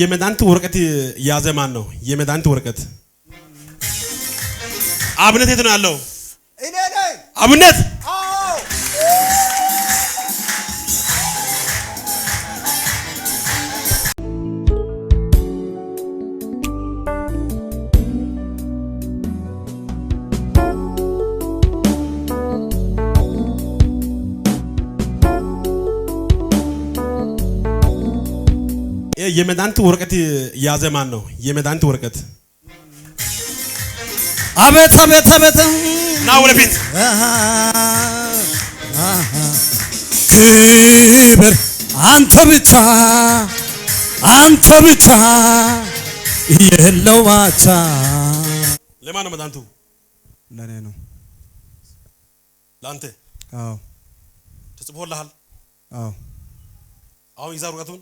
የመድኃኒት ወረቀት ያዘ ማን ነው? የመድኃኒት ወረቀት አብነት የት ነው ያለው? አብነት የመድኃኒት ወረቀት የያዘ ማን ነው? የመድኃኒት ወረቀት አቤት አቤት አቤት ና ወደፊት ክብር አንተ ብቻ አንተ ብቻ የለው ለማን ነው መድኃኒቱ? ለእኔ ነው። ለአንተ? አዎ። ተጽፎልሃል? አዎ። አሁን ይዛ ወረቀቱን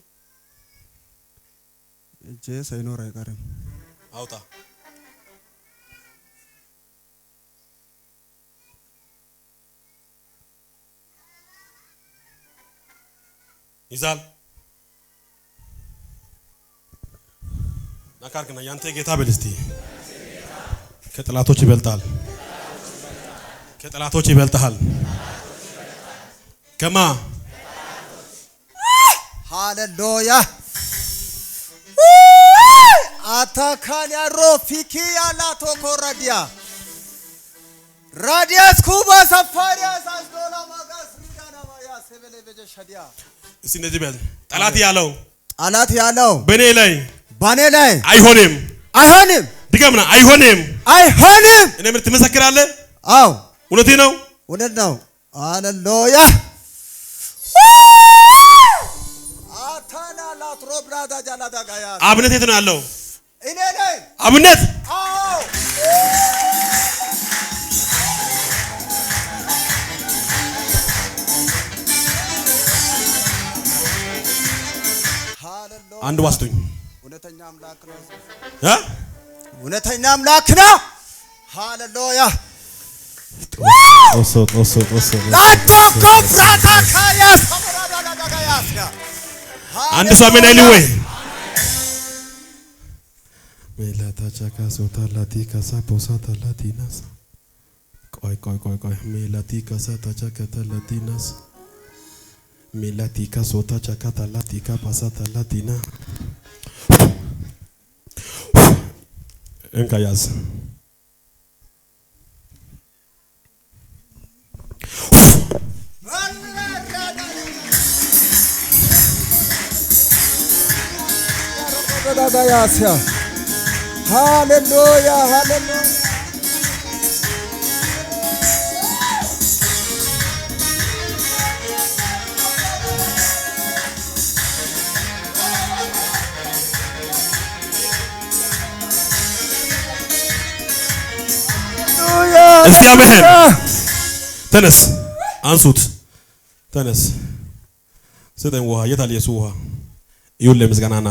እጄ ሳይኖር አይቀርም። አውጣ ይዛል ናካርክና ያንተ ጌታ በል እስቲ ከጠላቶች ይበልጣል፣ ከጥላቶች ይበልጣል። ከማ ሃሌሉያ አታካሊያሮ ፊኪ ያላቶኮረዲያ ራዲያስ ኩባ ሰፋሪያስ አስዶላ ማጋስ ሚዳናማያ ሴበሌበጀ ሸዲያ እስቲ እንደዚህ በል። ጠላት ያለው ጠላት ያለው በእኔ ላይ በእኔ ላይ አይሆንም አይሆንም ድገምና አይሆንም አይሆንም። እኔ ምን ትመሰክራለህ? አዎ እውነቴ ነው እውነት ነው። አሌሉያ አብነት የት ነው ያለው? አብነት አንድ ዋስቶኝ እውነተኛ አምላክ ነው እ እውነተኛ አምላክ ነው። ሃሌሉያ አንድ ሰው አሜን አይልም ወይ? tacha chaca sota latica sapo sata latinas. Coy, coy, coy, coy Mi latica sata chacata latinas. Mi latica sota chacata latica pasata latina. Encallas. Gracias. Hallelujah, hallelujah. እግዚአብሔር ተነስ፣ አንሱት፣ ተነስ፣ ስጠኝ ውሃ። የት አለ የሱ ውሃ? ይሁን ለምስጋናና